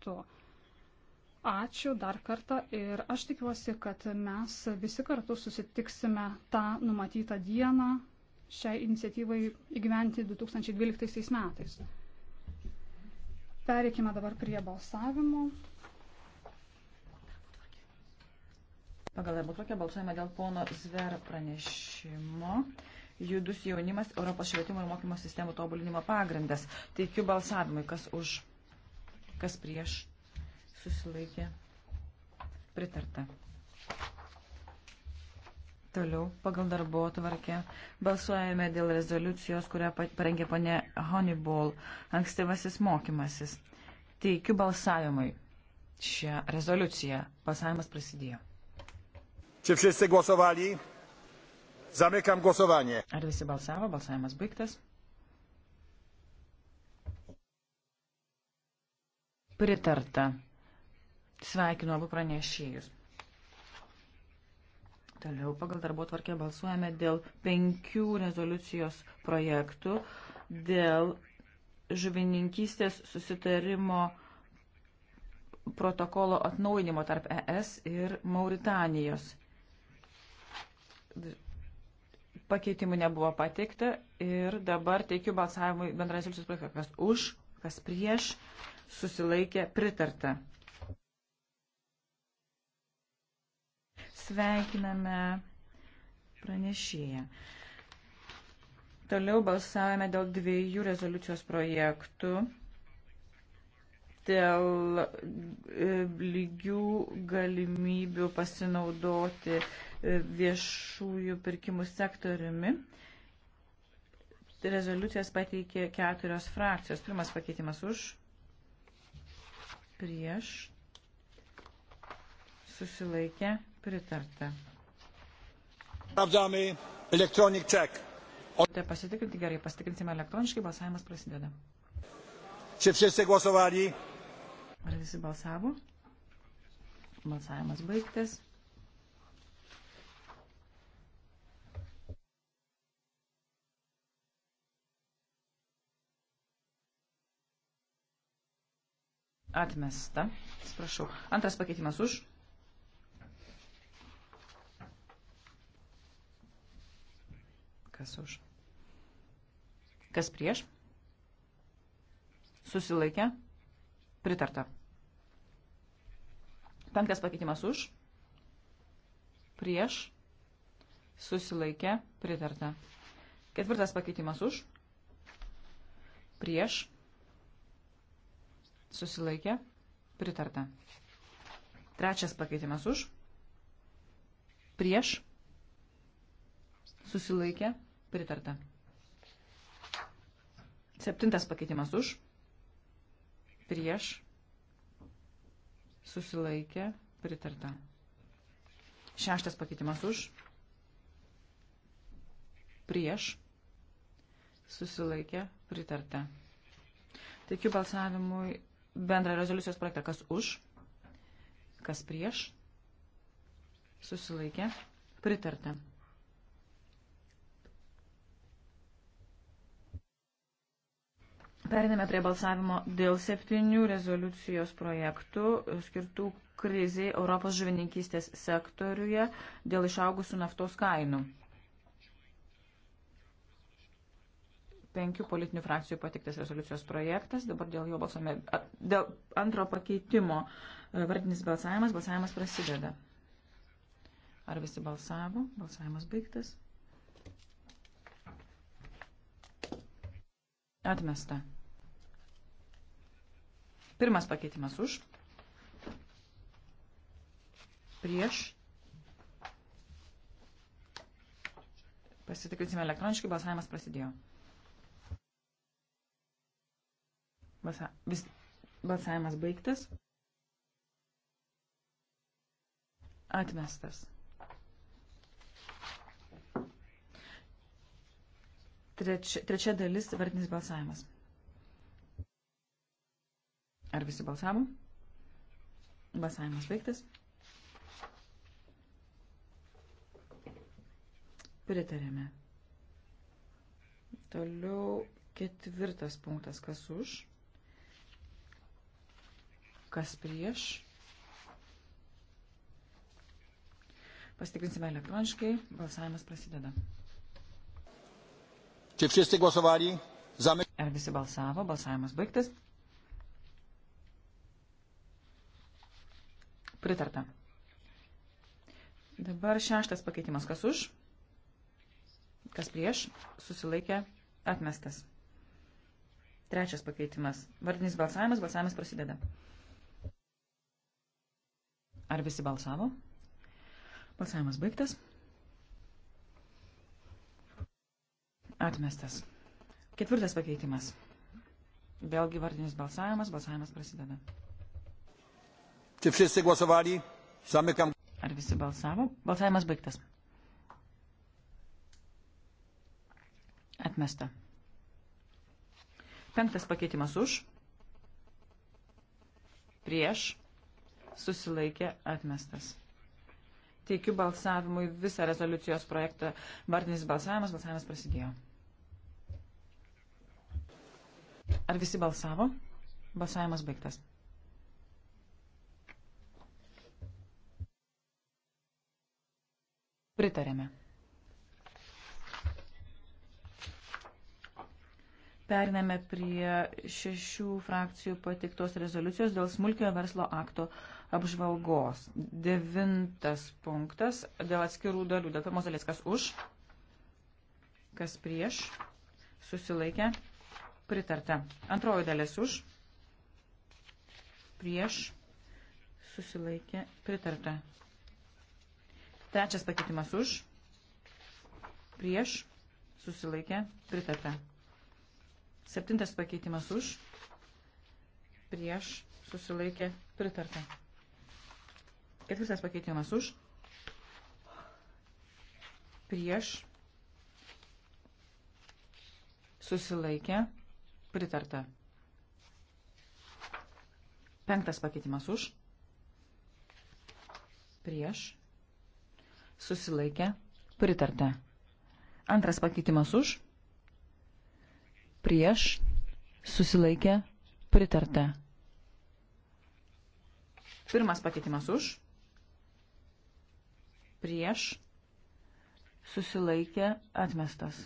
metų. Ačiū dar kartą ir aš tikiuosi, kad mes visi kartu susitiksime tą numatytą dieną šiai iniciatyvai įgyventi 2012 metais. Pereikime dabar prie balsavimo. Pagal darbo tokią balsuojame dėl pono Zver pranešimo. Judus jaunimas Europos švietimo ir mokymo sistemų tobulinimo pagrindas. Teikiu balsavimui, kas už kas prieš susilaikė pritarta. Toliau pagal darbo tvarkę balsuojame dėl rezoliucijos, kurią parengė ponė Honeyball, ankstyvasis mokymasis. Teikiu balsavimui šią rezoliuciją. Balsavimas prasidėjo. Čia visi głosovali? Zamykam głosowanie. Ar visi balsavo? Balsavimas baigtas. Pritarta. Sveikinu abu pranešėjus. Toliau pagal darbo tvarkę balsuojame dėl penkių rezoliucijos projektų, dėl žuvininkystės susitarimo protokolo atnaujinimo tarp ES ir Mauritanijos. Pakeitimų nebuvo pateikta ir dabar teikiu balsavimui bendrais jūsų projektas. Kas už, kas prieš, susilaikė pritarta. Sveikiname pranešėją. Toliau balsavome dėl dviejų rezoliucijos projektų dėl e, lygių galimybių pasinaudoti e, viešųjų pirkimų sektoriumi. Rezoliucijas pateikė keturios frakcijos. Pirmas pakeitimas už prieš, susilaikė, pritarta. Sprawdzamy elektronik check. Te pasitikrinti gerai, pasitikrinsime elektroniškai, balsavimas prasideda. Čia visi głosowali? Ar visi balsavo? Balsavimas baigtas. Atmesta. Atsiprašau. Antras pakeitimas už. Kas už? Kas prieš? Susilaikė. Pritarta. Penktas pakeitimas už. Prieš. Susilaikė. Pritarta. Ketvirtas pakeitimas už. Prieš Susilaikė. Pritarta. Trečias pakeitimas už. Prieš. Susilaikė. Pritarta. Septintas pakeitimas už. Prieš. Susilaikė. Pritarta. Šeštas pakeitimas už. Prieš. Susilaikė. Pritarta. Tikiu balsavimui bendrą rezoliucijos projektą. Kas už? Kas prieš? Susilaikė. Pritarta. Periname prie balsavimo dėl septynių rezoliucijos projektų skirtų kriziai Europos žuvininkystės sektoriuje dėl išaugusių naftos kainų. penkių politinių frakcijų patiktas rezoliucijos projektas. Dabar dėl jo balsuome. Dėl antro pakeitimo e, vardinis balsavimas. Balsavimas prasideda. Ar visi balsavo? Balsavimas baigtas. Atmesta. Pirmas pakeitimas už. Prieš. Pasitikrinsime elektroniškai, balsavimas prasidėjo. Basa, vis, balsavimas baigtas. Atmestas. Treč, trečia dalis vardinis balsavimas. Ar visi balsavo? Balsavimas baigtas. Pritarėme. Toliau ketvirtas punktas, kas už kas prieš. Pasitikrinsime elektroniškai. Balsavimas prasideda. Čia visi głosowali? Zamy... Ar visi balsavo? Balsavimas baigtas. Pritarta. Dabar šeštas pakeitimas. Kas už? Kas prieš? Susilaikė. Atmestas. Trečias pakeitimas. Vardinis balsavimas. Balsavimas prasideda. Ar visi balsavo? Balsavimas baigtas. Atmestas. Ketvirtas pakeitimas. Vėlgi vardinis balsavimas. Balsavimas prasideda. Czy wszyscy głosowali? Zamykam. Ar visi balsavo? Balsavimas baigtas. Atmesta. Penktas pakeitimas už. Prieš susilaikė atmestas. Teikiu balsavimui visą rezoliucijos projektą. Vardinis balsavimas, balsavimas prasidėjo. Ar visi balsavo? Balsavimas baigtas. Pritarėme. Periname prie šešių frakcijų patiktos rezoliucijos dėl smulkiojo verslo akto apžvalgos. Devintas punktas dėl atskirų dalių. Dėl pirmos dalies, kas už, kas prieš, susilaikė, pritarta. Antroji dalis už, prieš, susilaikė, pritarta. Trečias pakeitimas už, prieš, susilaikė, pritarta. Septintas pakeitimas už, prieš, susilaikė, pritarta. Ketvirtas pakeitimas už. Prieš. Susilaikė. Pritarta. Penktas pakeitimas už. Prieš. Susilaikė. Pritarta. Antras pakeitimas už. Prieš. Susilaikė. Pritarta. Pirmas pakeitimas už prieš, susilaikė, atmestas.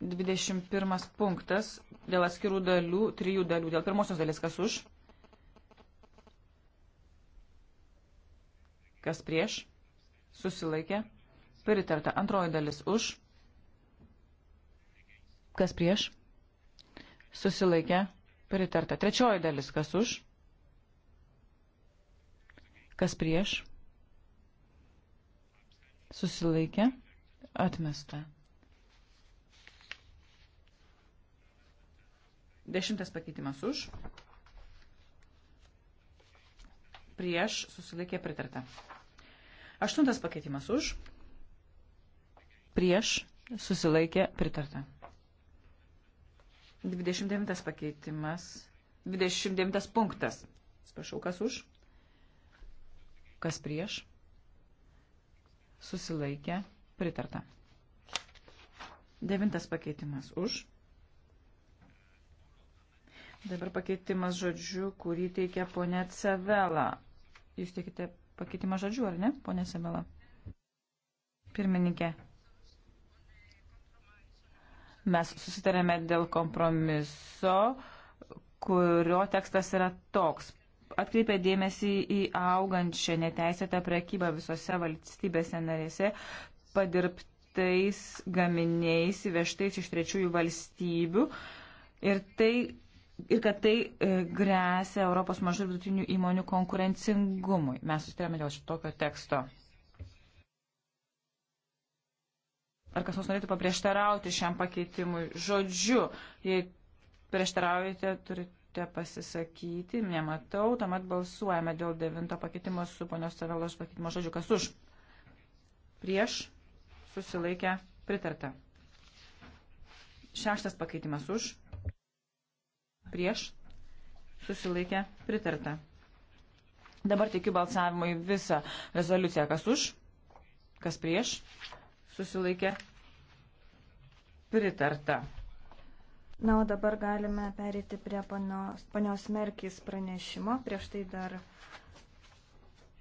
21 punktas dėl atskirų dalių, trijų dalių, dėl pirmosios dalies kas už, kas prieš, susilaikė, pritarta antroji dalis už, kas prieš, susilaikė, pritarta trečioji dalis kas už, Kas prieš? Susilaikė. Atmesta. Dešimtas pakeitimas už. Prieš susilaikė pritarta. Aštuntas pakeitimas už. Prieš susilaikė pritarta. 29 pakeitimas. 29 punktas. Sprašau, kas už? Kas prieš? Susilaikė. Pritarta. Devintas pakeitimas už. Dabar pakeitimas žodžiu, kurį teikia ponė Cevela. Jūs teikite pakeitimą žodžiu, ar ne, ponė Cevela? Pirmininkė. Mes susitarėme dėl kompromiso, kurio tekstas yra toks atkreipia dėmesį į augančią neteisėtą prekybą visose valstybėse narėse padirbtais gaminiais įvežtais iš trečiųjų valstybių. Ir, tai, ir kad tai e, grėsia Europos mažų ir vidutinių įmonių konkurencingumui. Mes sustarėme dėl šitokio teksto. Ar kas nors norėtų paprieštarauti šiam pakeitimui? Žodžiu, jei prieštaraujate, turite norite pasisakyti, nematau, tuomet balsuojame dėl devinto pakeitimo su ponios Savelos pakeitimo žodžiu, kas už. Prieš susilaikę pritarta. Šeštas pakeitimas už. Prieš susilaikę pritarta. Dabar tikiu balsavimui visą rezoliuciją, kas už, kas prieš susilaikė pritarta. Na, o dabar galime perėti prie panios, panios Merkis pranešimo. Prieš tai dar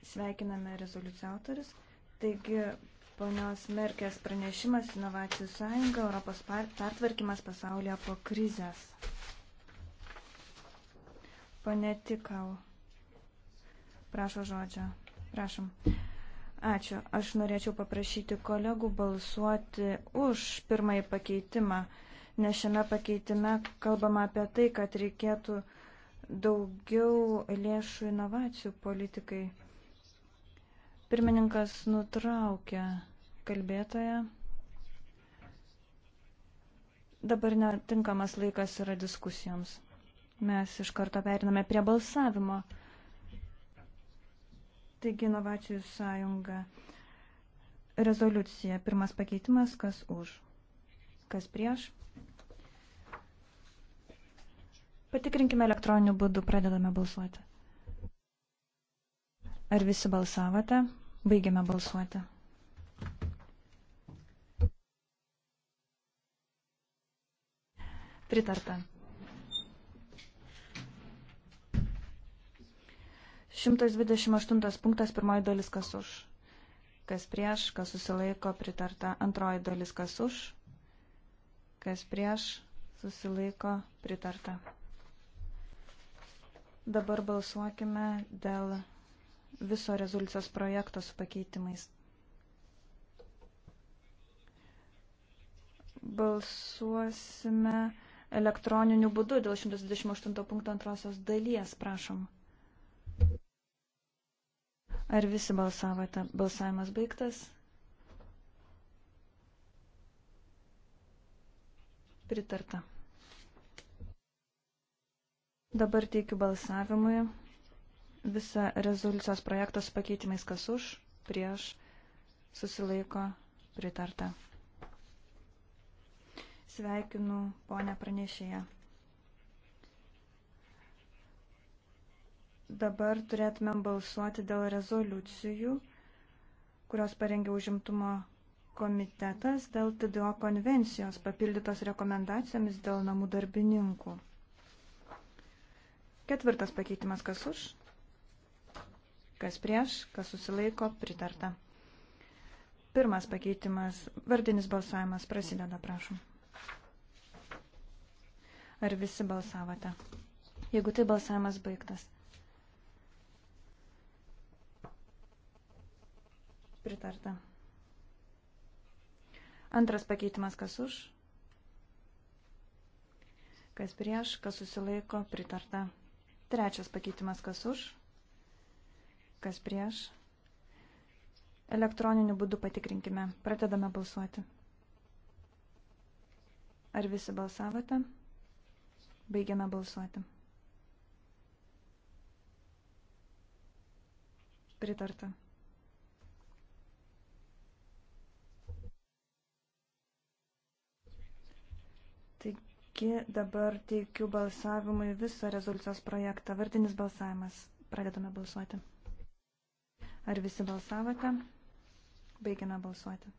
sveikiname rezoliucijų autorius. Taigi, ponios Merkės pranešimas Inovacijų sąjunga, Europos pertvarkymas pasaulyje po krizės. Pane Tikau, prašo žodžio. Prašom. Ačiū. Aš norėčiau paprašyti kolegų balsuoti už pirmąjį pakeitimą nes šiame pakeitime kalbama apie tai, kad reikėtų daugiau lėšų inovacijų politikai. Pirmininkas nutraukė kalbėtoją. Dabar netinkamas laikas yra diskusijoms. Mes iš karto periname prie balsavimo. Taigi inovacijų sąjunga. Rezoliucija. Pirmas pakeitimas, kas už, kas prieš. Patikrinkime elektroniniu būdu, pradedame balsuoti. Ar visi balsavote? Baigiame balsuoti. Pritarta. 128 punktas, pirmoji dalis kas už. Kas prieš, kas susilaiko, pritarta. Antroji dalis kas už. Kas prieš, susilaiko, pritarta. Dabar balsuokime dėl viso rezoliucijos projekto su pakeitimais. Balsuosime elektroniniu būdu dėl 128 punkto antrosios dalies, prašom. Ar visi balsavote? Balsavimas baigtas. Pritarta. Dabar teikiu balsavimui visą rezoliucijos projektą su pakeitimais, kas už, prieš, susilaiko, pritarta. Sveikinu ponę pranešėją. Dabar turėtumėm balsuoti dėl rezoliucijų, kurios parengė užimtumo komitetas dėl TDO konvencijos papildytos rekomendacijomis dėl namų darbininkų. Ketvirtas pakeitimas kas už, kas prieš, kas susilaiko, pritarta. Pirmas pakeitimas, vardinis balsavimas prasideda, prašom. Ar visi balsavote? Jeigu tai balsavimas baigtas. Pritarta. Antras pakeitimas kas už, kas prieš, kas susilaiko, pritarta. Trečias pakeitimas kas už, kas prieš. Elektroniniu būdu patikrinkime. Pradedame balsuoti. Ar visi balsavote? Baigiame balsuoti. Pritarta. Taigi dabar teikiu balsavimui visą rezoliucijos projektą. Vardinis balsavimas. Pradedame balsuoti. Ar visi balsavote? Baigiame balsuoti.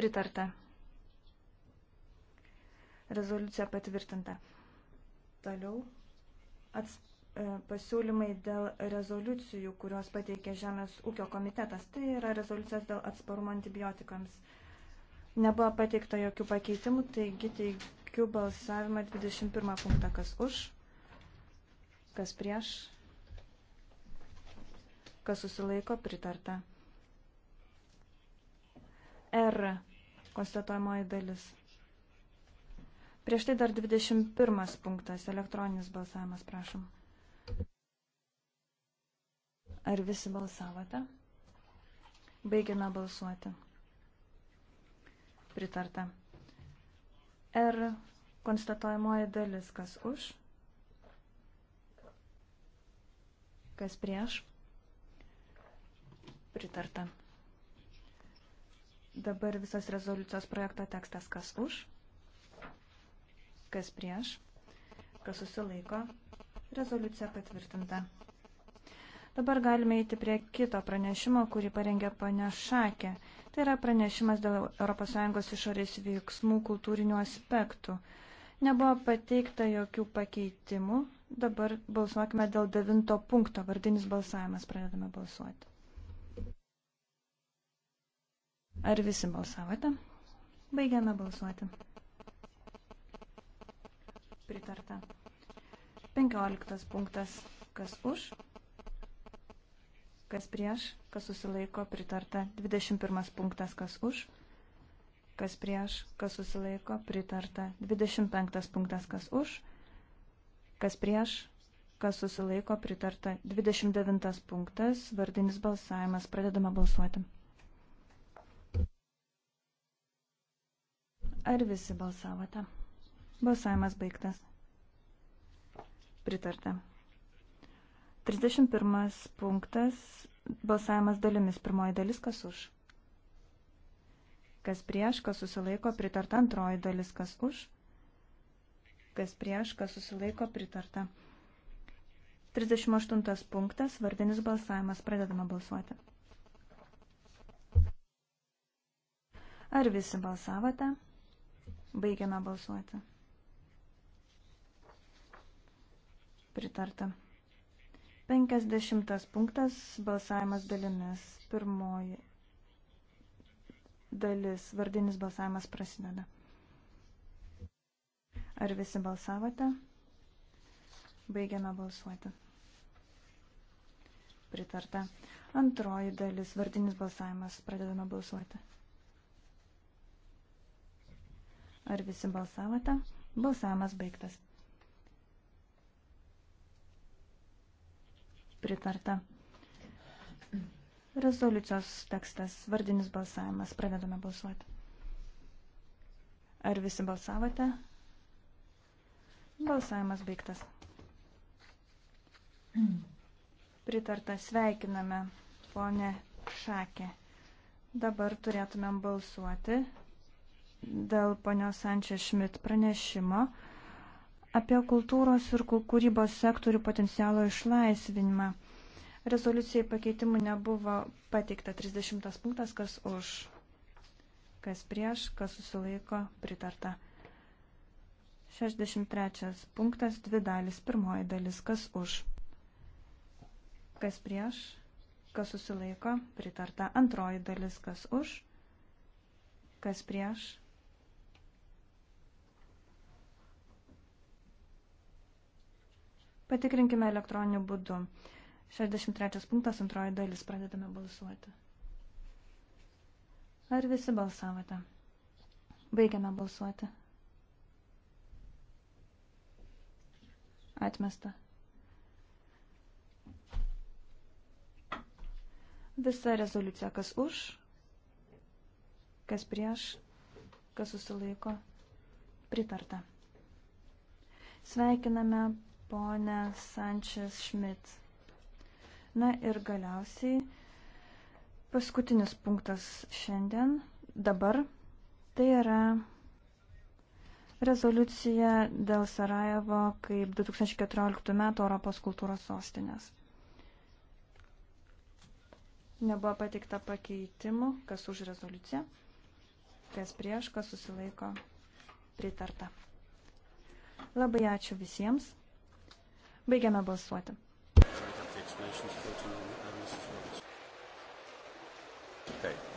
Pritarta. Rezoliucija patvirtinta. Toliau. Atsiprašau. E, pasiūlymai dėl rezoliucijų, kuriuos pateikė Žemės ūkio komitetas. Tai yra rezoliucijas dėl atsparumo antibiotikams. Nebuvo pateikta jokių pakeitimų, taigi teikiu balsavimą 21 punktą. Kas už, kas prieš, kas susilaiko, pritarta. R konstatuojamoji dalis. Prieš tai dar 21 punktas, elektroninis balsavimas, prašom. Ar visi balsavote? Baigiame balsuoti. Pritarta. R konstatuojamoji dalis, kas už, kas prieš. Pritarta. Dabar visas rezoliucijos projekto tekstas, kas už, kas prieš, kas susilaiko. Rezoliucija patvirtinta. Dabar galime eiti prie kito pranešimo, kurį parengė pane Šakė. Tai yra pranešimas dėl ES išorės veiksmų kultūrinių aspektų. Nebuvo pateikta jokių pakeitimų. Dabar balsuokime dėl devinto punkto. Vardinis balsavimas pradedame balsuoti. Ar visi balsavote? Baigiame balsuoti. Pritarta. 15 punktas. Kas už? kas prieš, kas susilaiko, pritarta. 21 punktas, kas už, kas prieš, kas susilaiko, pritarta. 25 punktas, kas už, kas prieš, kas susilaiko, pritarta. 29 punktas, vardinis balsavimas, pradedama balsuoti. Ar visi balsavote? Balsavimas baigtas. Pritarta. 31 punktas, balsavimas dalimis, pirmoji dalis, kas už. Kas prieš, kas susilaiko, pritarta, antroji dalis, kas už. Kas prieš, kas susilaiko, pritarta. 38 punktas, vardinis balsavimas, pradedama balsuoti. Ar visi balsavote? Baigiame balsuoti. Pritarta. 50 punktas balsavimas dalimis. Pirmoji dalis, vardinis balsavimas prasideda. Ar visi balsavote? Baigiame balsuoti. Pritarta. Antroji dalis, vardinis balsavimas, pradedame balsuoti. Ar visi balsavote? Balsavimas baigtas. pritarta. Rezoliucijos tekstas, vardinis balsavimas, pradedame balsuoti. Ar visi balsavote? Balsavimas baigtas. Pritarta, sveikiname, ponė Šakė. Dabar turėtumėm balsuoti dėl ponios Sančia Šmit pranešimo apie kultūros ir kūrybos sektorių potencialo išlaisvinimą. Rezoliucijai pakeitimų nebuvo pateikta 30 punktas, kas už, kas prieš, kas susilaiko, pritarta. 63 punktas, dvi dalis, pirmoji dalis, kas už, kas prieš, kas susilaiko, pritarta. Antroji dalis, kas už, kas prieš, Patikrinkime elektroniniu būdu. 63 punktas, antroji dalis, pradedame balsuoti. Ar visi balsavote? Baigiame balsuoti. Atmesta. Visa rezoliucija, kas už, kas prieš, kas susilaiko, pritarta. Sveikiname ponę Sančias Šmit. Na ir galiausiai paskutinis punktas šiandien, dabar, tai yra rezoliucija dėl Sarajevo kaip 2014 m. Europos kultūros sostinės. Nebuvo pateikta pakeitimų, kas už rezoliuciją, kas prieš, kas susilaiko pritarta. Labai ačiū visiems. Baigiame balsuoti. Okay.